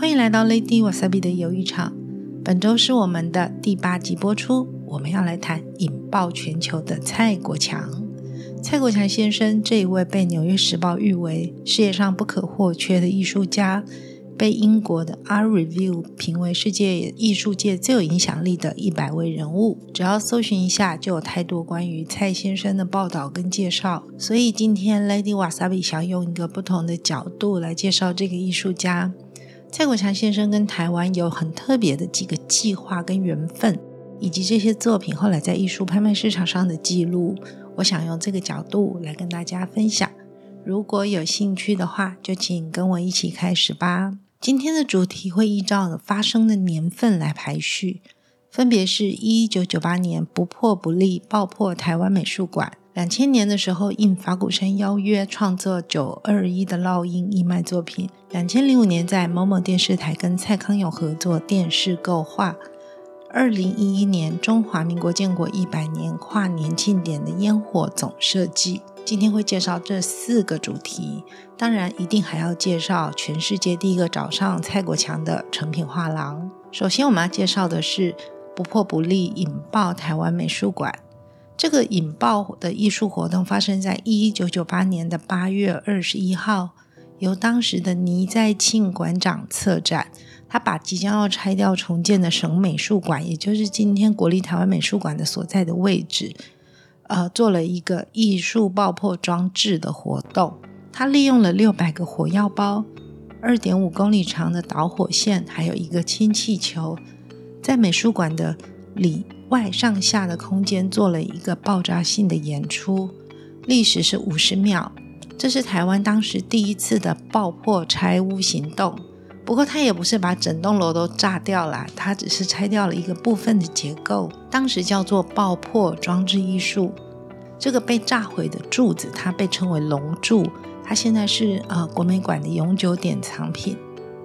歡迎來到 Lady Wasabi 的遊藝場。本周是我們的第八集播出，我們要來談引爆全球的蔡國強。蔡國強先生這一位被《紐約時報》譽為世界上不可或缺的藝術家，被英國的 Art Review 評為世界藝術界最有影響力的一百位人物。只要搜尋一下，就有太多關於蔡先生的報道跟介紹。所以今天 Lady Wasabi 想用一個不同的角度來介紹這個藝術家。蔡國強先生跟台灣有很特別的幾個計劃跟緣分，以及這些作品後來在藝術拍賣市場上的記錄，我想用這個角度來跟大家分享。如果有興趣的話，就請跟我一起開始吧。今天的主題會依照發生的年份來排序，分別是一九九八年《不破不立》爆破台灣美術館。兩千年的時候，應法鼓山邀約創作“九二一”的烙印義賣作品。兩千零五年，在 MOMO 電視台跟蔡康永合作電視購畫。二零一一年，中華民國建國一百年跨年慶典的煙火總設計。今天會介紹這四個主題，當然一定還要介紹全世界第一個找上蔡國強的誠品畫廊。首先，我們要介紹的是“不破不立”，引爆台灣美術館。這個引爆的藝術活動發生在一九九八年的八月二十一號，由當時的倪再沁館長策展，他把即將要拆掉重建的省美術館，也就是今天國立台灣美術館的所在的位置，呃，做了一個藝術爆破裝置的活動。他利用了六百個火藥包、二點五公里長的導火線，還有一個氫氣球，在美術館的裡外上下的空間做了一個爆炸性的演出，歷時是五十秒。這是台灣當時第一次的爆破拆屋行動。不過，它也不是把整棟樓都炸掉了，它只是拆掉了一個部分的結構。當時叫做爆破裝置藝術。這個被炸毀的柱子，它被稱為龍柱，它現在是呃國美館的永久典藏品。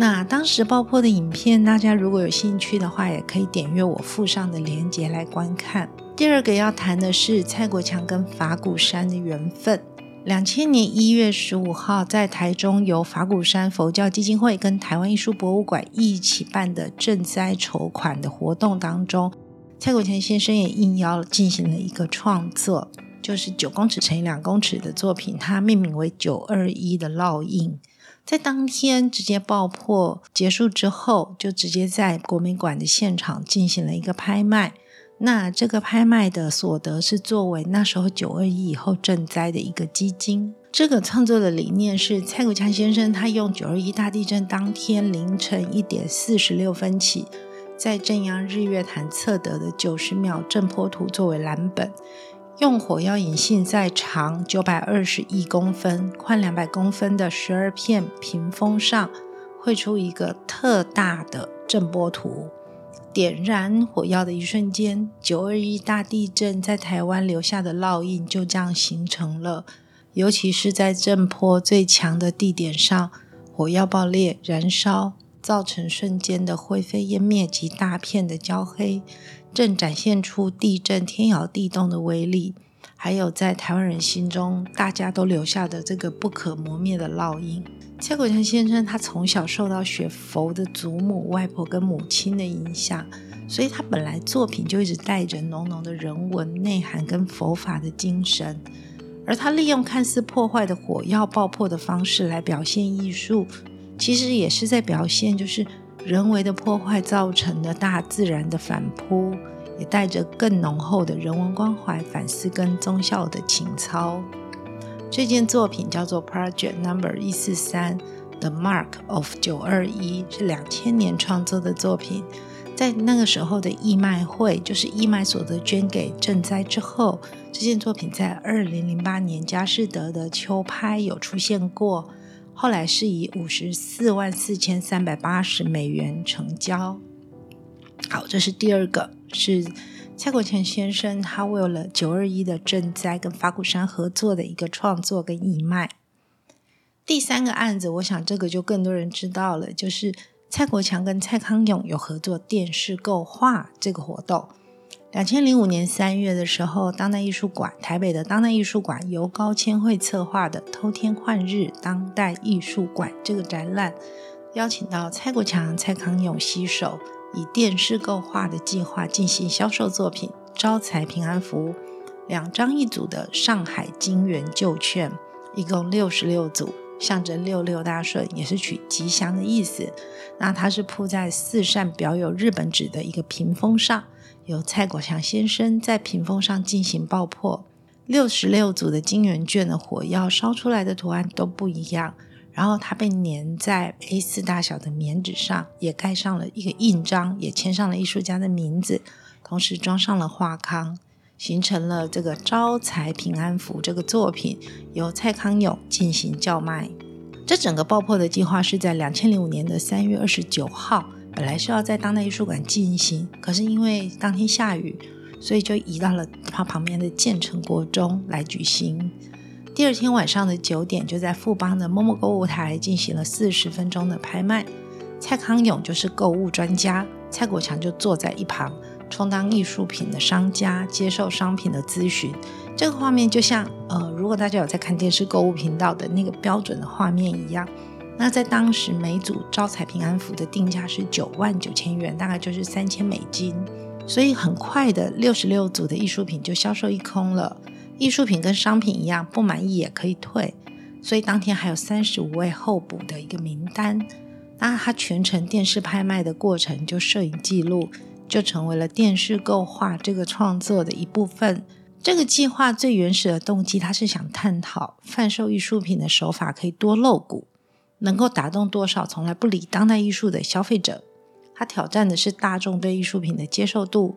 那當時爆破的影片，大家如果有興趣的話，也可以點閱我附上的鏈接來觀看。第二個要談的是蔡國強跟法鼓山的緣分。兩千年一月十五號，在台中由法鼓山佛教基金會跟台灣藝術博物館一起辦的賑災籌款的活動當中，蔡國強先生也應邀進行了一個創作，就是九公尺乘以兩公尺的作品，它命名為“九二一”的烙印。在當天直接爆破結束之後，就直接在國美館的現場進行了一個拍賣。那這個拍賣的所得是作為那時候九二一以後賑災的一個基金。這個創作的理念是蔡國強先生他用九二一大地震當天凌晨一點四十六分起在震央日月潭測得的九十秒震波圖作為藍本。用火藥引信在長九百二十一公分、寬兩百公分的十二片屏風上繪出一個特大的震波圖。點燃火藥的一瞬間，九二一大地震在台灣留下的烙印就這樣形成了。尤其是在震波最強的地點上，火藥爆裂、燃燒，造成瞬間的灰飛煙滅及大片的焦黑。正展現出地震天搖地動的威力，還有在台灣人心中，大家都留下的這個不可磨滅的烙印。蔡國強先生他從小受到學佛的祖母、外婆跟母親的影響，所以他本來作品就一直帶着濃濃的人文內涵跟佛法的精神。而他利用看似破壞的火藥爆破的方式來表現藝術，其實也是在表現，就是。人為的破壞造成的大自然的反撲，也帶着更濃厚的人文關懷、反思跟忠孝的情操。這件作品叫做 Project Number 一四三 The Mark of 九二一，是兩千年創作的作品。在那個時候的義賣會，就是義賣所得捐給賑災之後，這件作品在二零零八年佳士得的秋拍有出現過。後來是以五十四萬四千三百八十美元成交。好，這是第二個，是蔡國強先生他為了九二一的賑災跟法鼓山合作的一個創作跟義賣。第三個案子，我想這個就更多人知道了，就是蔡國強跟蔡康永有合作電視購畫這個活動。兩千零五年三月的時候，當代藝術館台北的當代藝術館由高千惠策劃的“偷天換日”當代藝術館這個展覽，邀請到蔡國強、蔡康永攜手以電視購畫的計劃進行銷售作品。招財平安符兩張一組的上海金元舊券，一共六十六組，象徵六六大順，也是取吉祥的意思。那它是鋪在四扇裱有日本紙的一個屏風上。由蔡國強先生在屏風上進行爆破，六十六組的金圓券的火藥燒出來的圖案都不一樣。然後它被粘在 A4 大小的棉紙上，也蓋上了一個印章，也簽上了藝術家的名字，同時裝上了畫框，形成了這個招財平安符這個作品。由蔡康永進行叫賣。這整個爆破的計劃是在兩千零五年的三月二十九號。本來是要在當代藝術館進行，可是因為當天下雨，所以就移到了它旁邊的建成國中來舉行。第二天晚上的九點，就在富邦的 MOMO 購物台進行了四十分鐘的拍賣。蔡康永就是購物專家，蔡國強就坐在一旁充當藝術品的商家，接受商品的諮詢。這個畫面就像呃，如果大家有在看電視購物頻道的那個標準的畫面一樣。那在當時，每組招財平安符的定價是九萬九千元，大概就是三千美金。所以很快的，六十六組的藝術品就銷售一空了。藝術品跟商品一樣，不滿意也可以退，所以當天還有三十五位候補的一個名單。那它全程電視拍賣的過程就攝影記錄，就成為了電視購畫這個創作的一部分。這個計劃最原始的動機，它是想探討販售藝術品的手法可以多露骨。能夠打動多少從來不理當代藝術的消費者？他挑戰的是大眾對藝術品的接受度，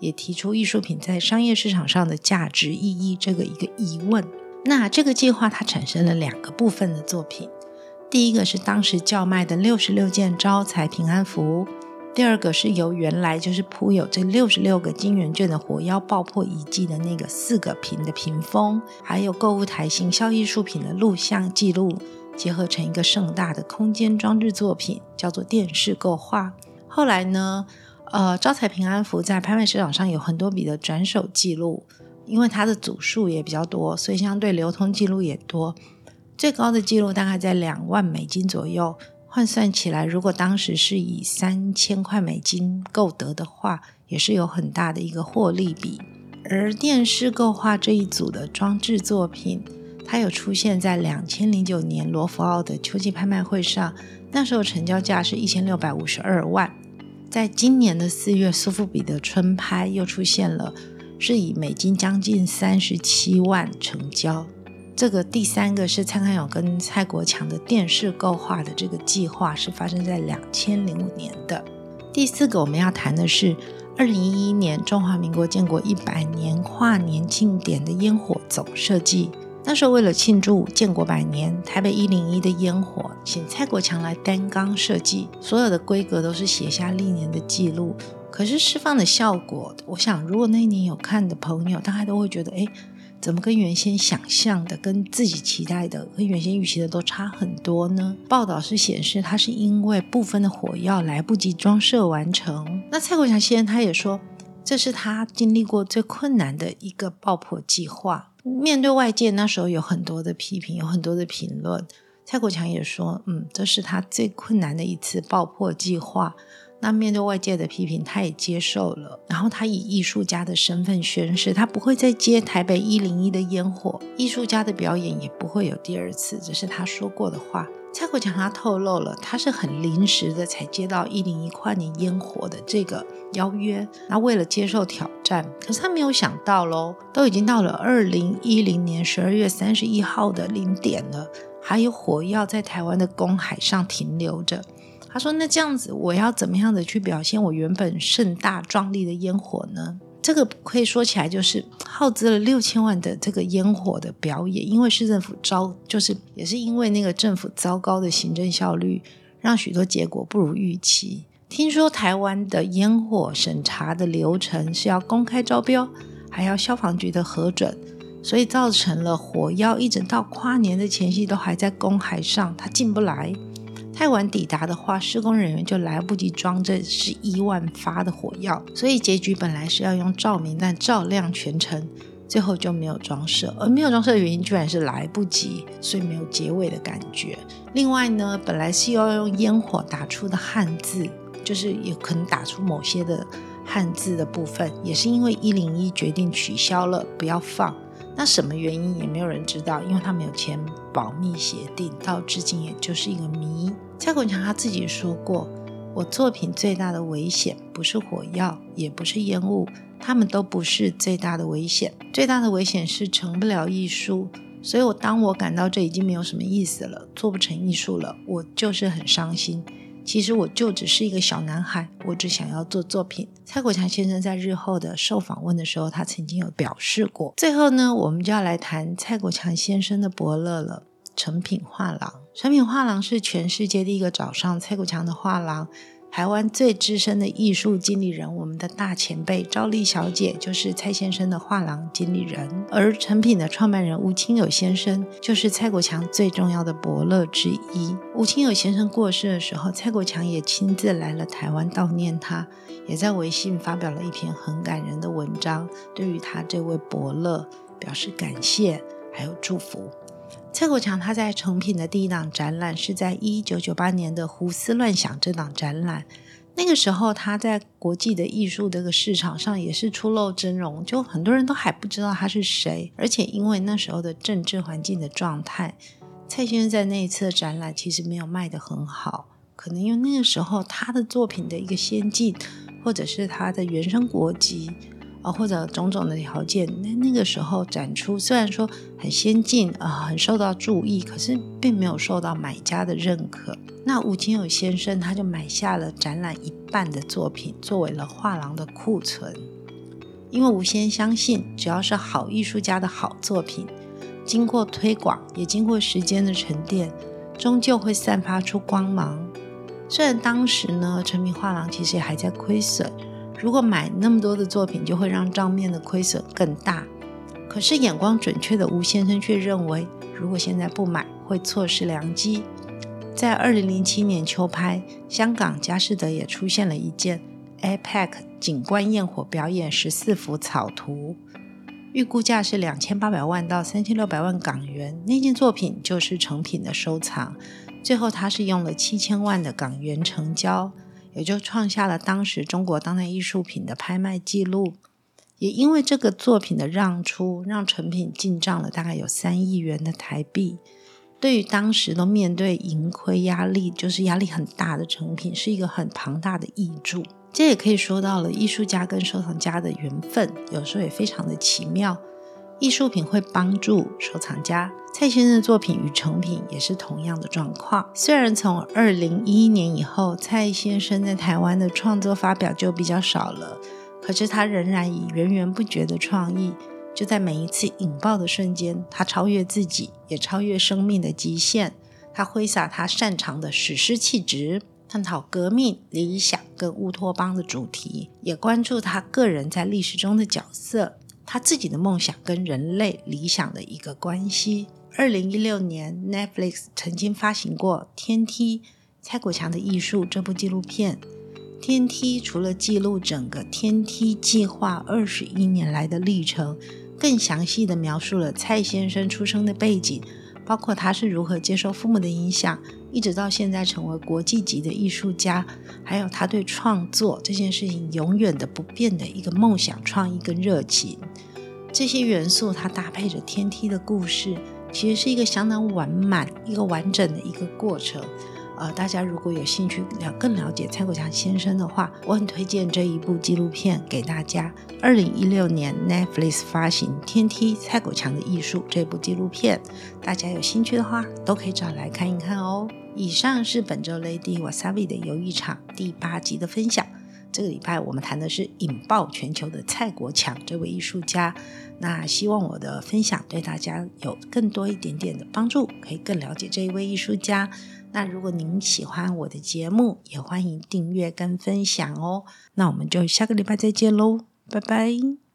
也提出藝術品在商業市場上的價值意義這個一個疑問。那這個計劃它產生了兩個部分的作品，第一個是當時叫賣的六十六件招財平安符，第二個是由原來就是鋪有這六十六個金元券的火藥爆破遺跡的那個四個屏的屏風，還有購物台行銷藝術品的錄像記錄結合成一個盛大的空間裝置作品，叫做電視購畫。後來呢，呃，招財平安符在拍賣市場上有很多筆的轉手記錄，因為它的組數也比較多，所以相對流通記錄也多。最高的記錄大概在兩萬美金左右，換算起來，如果當時是以三千塊美金購得的話，也是有很大的一個獲利比。而電視購畫這一組的裝置作品。它有出現在兩千零九年羅浮奧的秋季拍賣會上，那時候成交價是一千六百五十二萬。在今年的四月，蘇富比的春拍又出現了，是以美金將近三十七萬成交。這個第三個是蔡康永跟蔡國強的電視購畫的這個計劃，是發生在兩千零五年的。第四個我們要談的是二零一一年中華民國建國一百年跨年慶典的煙火總設計。那時候為了慶祝建國百年，台北一零一的煙火請蔡國強來擔綱設計，所有的規格都是寫下歷年的記錄。可是釋放的效果，我想如果那一年有看的朋友，大家都會覺得，哎，怎麼跟原先想象的、跟自己期待的、跟原先預期的都差很多呢？報道是顯示，他是因為部分的火藥來不及裝設完成。那蔡國強先生他也說，這是他經歷過最困難的一個爆破計劃。面對外界，那時候有很多的批評，有很多的評論。蔡國強也說：“嗯，這是他最困難的一次爆破計劃。”那面對外界的批評，他也接受了。然後他以藝術家的身份宣誓，他不會再接台北101的煙火，藝術家的表演也不會有第二次。這是他說過的話。蔡國強他透露了，他是很臨時的才接到一零一跨年煙火的這個邀約。他為了接受挑戰，可是他沒有想到嘍，都已經到了二零一零年十二月三十一號的零點了，還有火藥在台灣的公海上停留着。他說：“那這樣子，我要怎麼樣的去表現我原本盛大壯麗的煙火呢？”這個可以說起來，就是耗資了六千萬的這個煙火的表演，因為市政府招，就是也是因為那個政府糟糕的行政效率，讓許多結果不如預期。聽說台灣的煙火審查的流程是要公開招標，還要消防局的核准，所以造成了火藥一直到跨年的前夕都還在公海上，它進不來。太晚抵達的話，施工人員就來不及裝這十一萬發的火藥，所以結局本來是要用照明彈照亮全程，最後就沒有裝飾。而沒有裝飾的原因居然是來不及，所以沒有結尾的感覺。另外呢，本來是要用煙火打出的漢字，就是也可能打出某些的漢字的部分，也是因為一零一決定取消了，不要放。那什麼原因也沒有人知道，因為他沒有簽保密協定，到至今也就是一個謎。蔡國強他自己說過：“我作品最大的危險不是火藥，也不是煙霧，他們都不是最大的危險。最大的危險是成不了藝術。所以，我當我感到這已經沒有什麼意思了，做不成藝術了，我就是很傷心。其實，我就只是一個小男孩，我只想要做作品。”蔡國強先生在日後的受訪問的時候，他曾經有表示過。最後呢，我們就要來談蔡國強先生的伯樂了。誠品畫廊，誠品畫廊是全世界第一個找上蔡國強的畫廊。台灣最資深的藝術經理人、我們的大前輩趙麗小姐就是蔡先生的畫廊經理人，而誠品的創辦人吳清友先生就是蔡國強最重要的伯樂之一。吳清友先生過世的時候，蔡國強也親自來了台灣悼念他，也在微信發表了一篇很感人的文章，對於他這位伯樂表示感謝，還有祝福。蔡國強，他在誠品的第一檔展覽是在一九九八年的《胡思亂想》這檔展覽。那個時候，他在國際的藝術這個市場上也是初露崢嶸，就很多人都還不知道他是誰。而且因為那時候的政治環境的狀態，蔡先生在那一次的展覽其實沒有賣得很好，可能因為那個時候他的作品的一個先進，或者是他的原生國籍。啊，或者種種的條件，那那個時候展出雖然說很先進啊、呃，很受到注意，可是並沒有受到買家的認可。那吳清友先生他就買下了展覽一半的作品，作為了畫廊的庫存，因為吳先生相信，只要是好藝術家的好作品，經過推廣，也經過時間的沉澱，終究會散發出光芒。雖然當時呢，誠品畫廊其實也還在虧損。如果買那麼多的作品，就會讓賬面的虧損更大。可是眼光準確的吳先生卻認為，如果現在不買，會錯失良機。在二零零七年秋拍，香港佳士得也出現了一件《APEC 景觀焰火表演十四幅草圖》，預估價是兩千八百萬到三千六百萬港元。那件作品就是誠品的收藏，最後他是用了七千萬的港元成交。也就創下了當時中國當代藝術品的拍賣記錄，也因為這個作品的讓出讓誠品進賬了大概有三億元的台幣，對於當時都面對盈虧壓力就是壓力很大的誠品是一個很龐大的挹注，這也可以說到了藝術家跟收藏家的緣分，有時候也非常的奇妙。藝術品會幫助收藏家。蔡先生的作品與誠品也是同樣的狀況。雖然從二零一一年以後，蔡先生在台灣的創作發表就比較少了，可是他仍然以源源不絕的創意，就在每一次引爆的瞬間，他超越自己，也超越生命的極限。他揮灑他擅長的史詩氣質，探討革命、理想跟烏托邦的主題，也關注他個人在歷史中的角色。他自己的夢想跟人類理想的一個關係。二零一六年，Netflix 曾經發行過《天梯：蔡國強的藝術》這部紀錄片。天梯除了記錄整個天梯計劃二十一年來的歷程，更詳細地描述了蔡先生出生的背景。包括他是如何接受父母的影響，一直到現在成為國際級的藝術家，還有他對創作這件事情永遠的不變的一個夢想、創意跟熱情，這些元素，它搭配着天梯的故事，其實是一個相當完滿、一個完整的一個過程。呃，大家如果有興趣要更了解蔡國強先生的話，我很推薦這一部紀錄片給大家。二零一六年 Netflix 發行《天梯：蔡國強的藝術》這部紀錄片，大家有興趣的話都可以找來看一看哦。以上是本周 Lady Wasabi 的遊藝場第八集的分享。這個禮拜我們談的是引爆全球的蔡國強這位藝術家。那希望我的分享對大家有更多一點點的幫助，可以更了解這一位藝術家。那如果您喜歡我的節目，也歡迎訂閱跟分享哦。那我們就下個禮拜再見嘍，拜拜。